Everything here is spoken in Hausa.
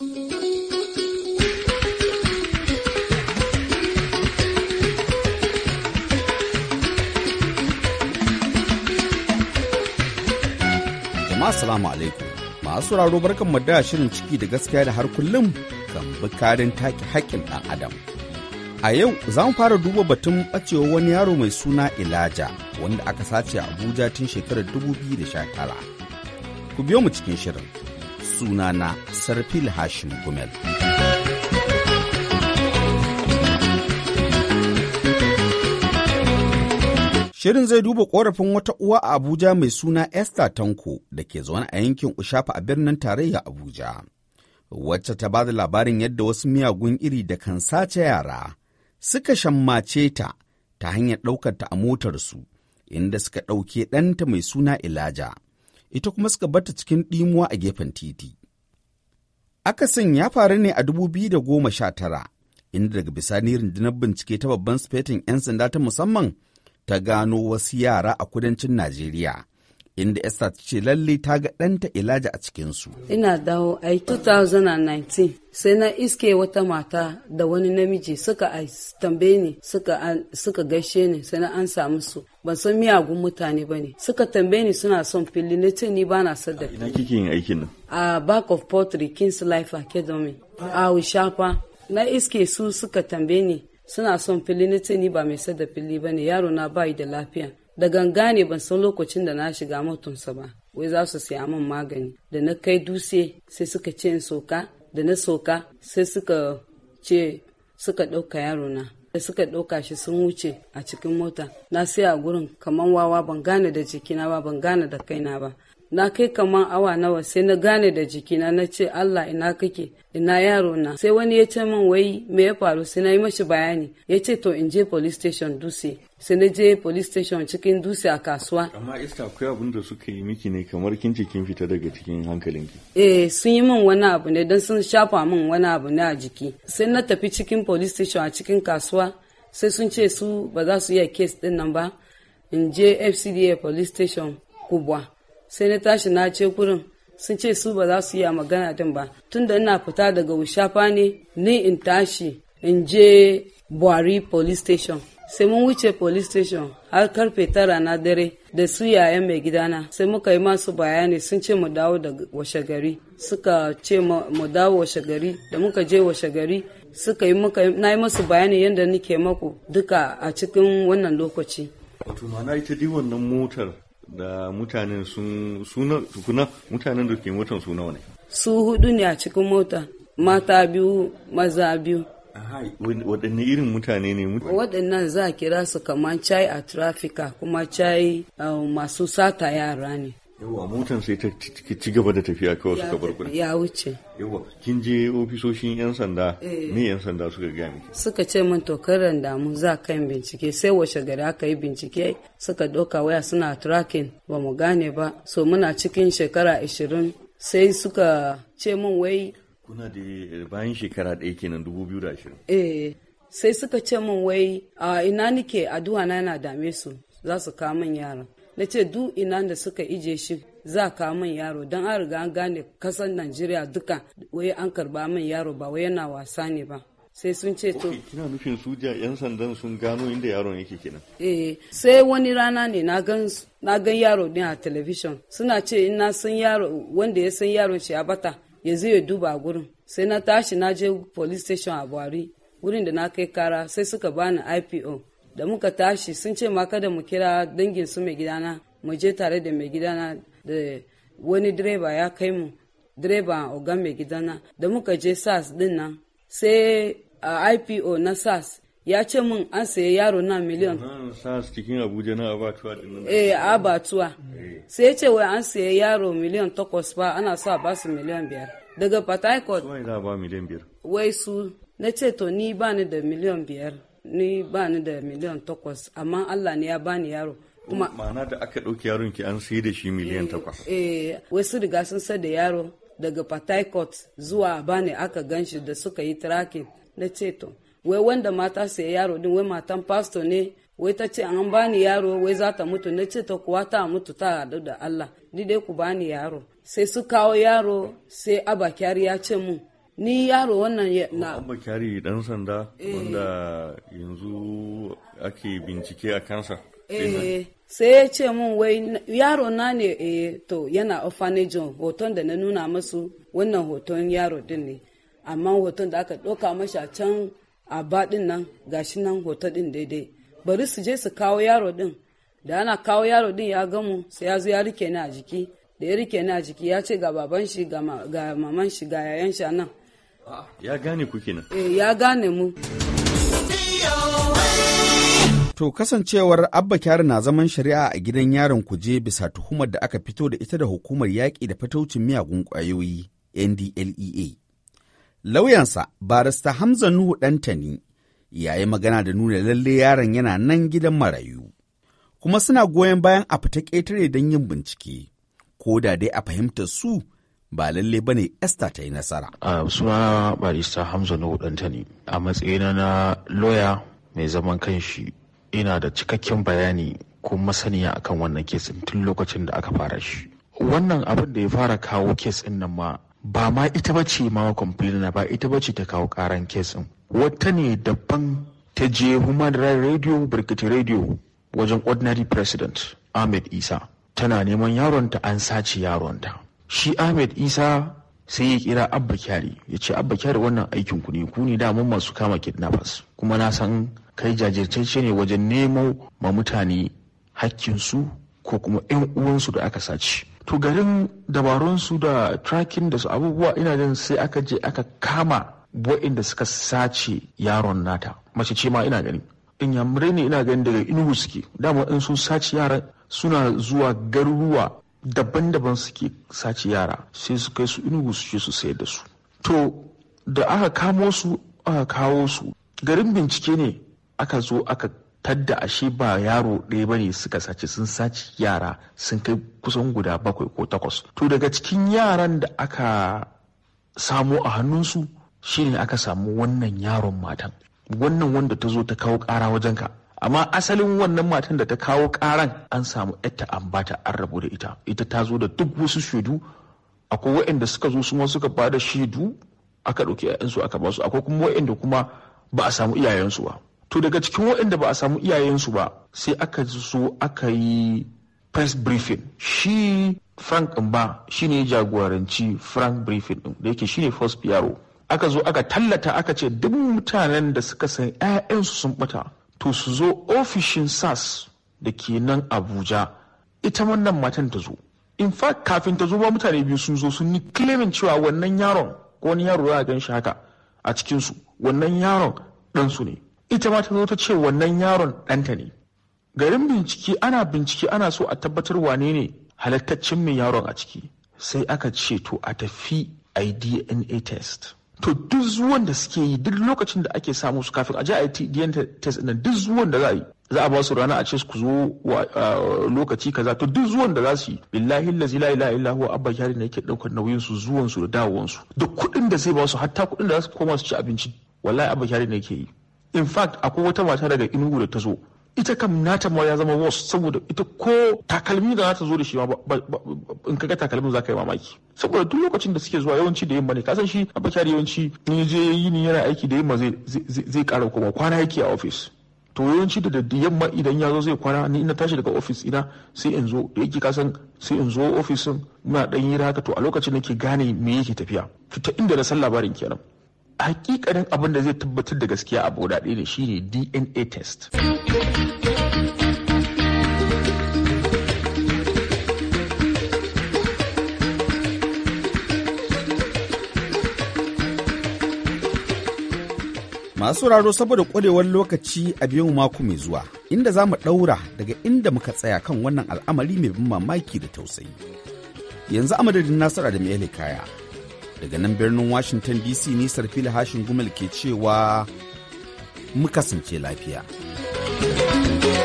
Jama'a salamu alaikum. Masu sauraro barkan da shirin ciki da gaskiya da har kullum kan bukarin take haƙƙin ɗan adam. A yau za mu fara duba batun ɓacewa wani yaro mai suna Ilaja wanda aka sace a Abuja tun shekarar 2019. Ku biyo mu cikin shirin. sunana Sarfil Hashim Gumel. Shirin zai duba ƙorafin wata uwa a Abuja mai suna Esther Tanko da ke zaune a yankin Ushafa a birnin tarayya Abuja, wacce ta ba da labarin yadda wasu miyagun iri da kan sace yara suka shammace ta ta hanyar ɗaukar ta a motarsu, inda suka ɗauke ɗanta mai suna Ilaja. ita kuma suka bata cikin ɗimuwa a gefen titi. Akasin ya faru ne a dubu biyu da goma sha tara, inda daga bisani rundunar bincike ta babban sufetin 'yan sanda ta musamman ta gano wasu yara a kudancin Najeriya inda Esther ta ce lalle ta ga ɗanta ilaja a cikinsu. Ina dawo ai 2019 sai na iske wata mata da wani namiji suka tambe ni suka, gaishe ni sai na an samu su ban san miyagun mutane ba ne suka tambe ni suna son fili na ce ni ba na sadaka. Ina kike yin aikin nan? A back of pottery King's Life Academy a Ushafa na iske su suka tambe ni suna son fili na ce ni ba mai sada fili ba ne yaro na bayi da lafiya da ganga ne ban san lokacin da na shiga motonsa ba wai za su siya min magani da na kai dutse sai suka ce in soka da na soka sai suka ce suka ɗauka yaro na da suka ɗauka shi sun wuce a cikin mota na sai a gurin kamar wawa ban gane da jikina ba ban gane da kaina ba na kai kaman awa nawa sai na gane da jikina na ce Allah ina kake ina yaro na sai wani ya ce min wai me ya faru sai na yi mashi bayani ya ce to in je police station dutse sai na je police station cikin dutse a kasuwa amma iska akwai abin da suka yi miki ne kamar kin ce kin fita daga cikin hankalinki eh sun yi min wani abu ne don sun shafa min wani abu ne a jiki sai na tafi cikin police station a cikin kasuwa sai sun ce su ba za su iya kes din nan ba in je fcda police station kubwa sai na tashi na ce kurin sun ce su ba za su yi a magana din ba tunda ina fita daga wushafa ne ni in tashi in je buhari police station sai mun wuce police station har karfe tara na dare da su yayan mai gidana sai muka yi masu bayani sun ce mu dawo da washe gari suka ce mu dawo washe gari da muka je washe gari suka yi muka na yi masu bayani yadda nike maku duka a cikin wannan lokaci wato ma'ana ita di wannan motar da mutanen sun suna tukuna mutanen da ke motan su nawa ne su hudu ne a cikin mota mata biyu maza biyu waɗanne irin mutane ne waɗannan za a kira su kamar chai a trafika kuma chai eh, masu sata yara ne yawa motan sai ta ci gaba da tafiya kawai suka bar kuɗi ya wuce yawa kin je ofisoshin yan sanda eh. me yan sanda suka gaya miki suka ce min to randa damu za kan bincike sai washe gari aka yi bincike suka doka waya suna tracking ba mu gane ba so muna cikin shekara ashirin sai suka ce min wai kuna da bayan shekara ɗaya kenan dubu biyu da ashirin eh sai suka ce min wai a ina nike addu'a na yana dame su za su kawo min yaran na ce duk ina da suka ije shi za ka min yaro don an riga an gane kasar najeriya duka wai an karba min yaro ba wai yana wasa ne ba sai sun ce to kina nufin su yan sandan sun gano inda yaron yake kenan eh sai wani rana ne na gan yaro ne a television suna ce in na yaro wanda ya san yaron shi a bata ya zo ya duba gurin sai na tashi na je police station a Buhari wurin da na kai kara sai suka bani IPO da muka tashi sun ce ma kada mu kira dangin su mai gidana mu je tare da mai gidana da wani direba ya kai mu direba ogan mai gidana da muka je sas din nan sai a ipo na sas ya ce min an saye yaro na miliyan sas cikin abuja na abatuwa eh abatuwa eh. sai ya ce wai an saye yaro miliyan takwas ba ana sa ba su miliyan biyar daga patakot wai su na ce to ni ba ni da miliyan biyar ni ba ni da miliyan takwas amma Allah ne ya bani yaro kuma ma'ana da aka ɗauki yaron ki an sai da shi miliyan eh, takwas eh wasu riga sun sa da yaro daga Pataikot zuwa bani aka ganshi da suka yi tracking na ce to wai wanda mata sai yaro din wai matan pastor ne wai ta ce an bani yaro wai za ta mutu na ce ta kuwa ta mutu ta haɗu da Allah ni dai ku bani yaro sai su kawo yaro sai Abakiyar ya ce mun ni yaro wannan na abba dan sanda eh. wanda yanzu ake bincike a kansa eh, sai ya ce min wai yaro na ne eh, to yana orphanage hoton da na nuna masu wannan hoton yaro din ne amma hoton da aka ɗauka a can a baɗin nan gashi nan hoto din daidai bari su je su kawo yaro din da ana kawo yaro din ya gamu sai ya zo ya rike ni a jiki da ya rike ni a jiki ya ce ga baban shi ga maman shi ga yayan shi nan Ya gane ku kenan. Eh ya gane mu. To kasancewar Abba Kyari na zaman shari'a a gidan yaron kuje bisa tuhumar da aka fito da ita da hukumar yaƙi da fataucin miyagun ƙwayoyi NDLEA. Lauyansa barista Hamza Nuhu Dantani ya yi magana da nuna lalle yaron yana nan gidan marayu. Kuma suna goyon bayan a fita ƙetare don yin bincike, ko da dai a fahimtar su ba lalle ba ne Esther ta yi nasara. A suna barista Hamza na hudanta ne a matsayina na loya mai zaman kanshi ina da cikakken bayani ko masaniya akan wannan kesin tun lokacin da aka fara shi. Wannan abin da ya fara kawo kesin nan ma ba ma ita ba ce ma complainer ba ita ba ce ta kawo karan kesin wata ne daban ta je human rights radio birkiti radio wajen ordinary president ahmed isa tana neman yaronta an sace yaronta shi ahmed isa sai ya kira abba kyari ya ce abba kyari wannan aikin ku ne ku ne daman masu kama kidnappers kuma na san kai jajirtacce ne wajen nemo ma mutane hakkinsu ko kuma 'yan uwansu da aka sace to garin dabarunsu da tracking da su abubuwa ina jin sai aka je aka kama da suka sace yaron nata mace ce ma ina gani in yamurai ne ina gani daga inugu suke dama in sun sace yaran suna zuwa garuruwa daban-daban suke sace yara sai su kai su inugu su ce su sayar da su to da aka kamo su aka kawo su garin bincike ne aka zo aka tadda ashe ba yaro ɗaya bane suka sace sun sace yara sun kai kusan guda bakwai ko takwas to daga cikin yaran da aka samu a hannunsu shine aka samu wannan yaron matan wannan wanda ta zo ta kawo ƙara wajenka amma asalin wannan matan da ta kawo karan an samu yatta an bata an rabu da ita ita ta zo da duk wasu shaidu akwai wa'inda suka zo suma suka ba da shaidu aka ɗauki ‘ya'yansu aka ba su akwai kuma wa'inda kuma ba a samu iyayensu ba to daga cikin wa'inda ba a samu iyayensu ba sai aka zo aka yi press briefing shi frank ba shi ne jagoranci frank briefing ɗin da yake shi ne first aka zo aka tallata aka ce duk mutanen da suka san ‘ya'yansu sun ɓata. to su zo ofishin sas da ke nan abuja ita wannan matan ta zo in fact kafin ta zo ba mutane biyu sun zo sun ni claiming cewa wannan yaron ko wani yaro ya gan shi haka a cikinsu wannan yaron ɗansu ne ita ma ta zo ta ce wannan yaron ɗanta ne garin bincike ana bincike ana so a tabbatar wane ne halattaccen mai yaron a ciki sai aka ce to a tafi a dna test to duk zuwan da suke yi duk lokacin da ake samu su kafin a je a yi DNA test ɗin duk zuwan da za a yi za a ba su rana a ce su zo lokaci kaza to duk zuwan da za su yi billahi lazi la ilaha illa huwa abba jari ne yake daukar nauyin su zuwan su da dawowan su da kuɗin da zai ba su hatta kuɗin da za su koma su ci abinci wallahi abba jari ne yake yi in fact akwai wata mata daga inugu da ta zo ita kam nata ma ya zama worse saboda ita ko takalmi da za ta zo da shi ma in kaga takalmin za ka yi mamaki saboda duk lokacin da suke zuwa yawanci da yamma ne kasan shi a bakar yawanci ne je yi ni yana aiki da yamma zai kara kuma kwana yake a ofis to yawanci da yamma idan ya zo zai kwana ni ina tashi daga ofis ina sai in zo da yake kasan sai in zo ofisin muna dan yi haka to a lokacin nake gane me yake tafiya ta inda na san labarin kenan hakikanin abin da zai tabbatar da gaskiya a ɗaya ne shine DNA test. Masu sauraro saboda ƙwarewar lokaci a biyu mako mai zuwa, inda za mu ɗaura daga inda muka tsaya kan wannan al'amari mai bin mamaki da tausayi. Yanzu a madadin Nasara da Mele Kaya, daga nan birnin Washington DC nisar fili hashin gumel ke cewa mu kasance lafiya. Thank you.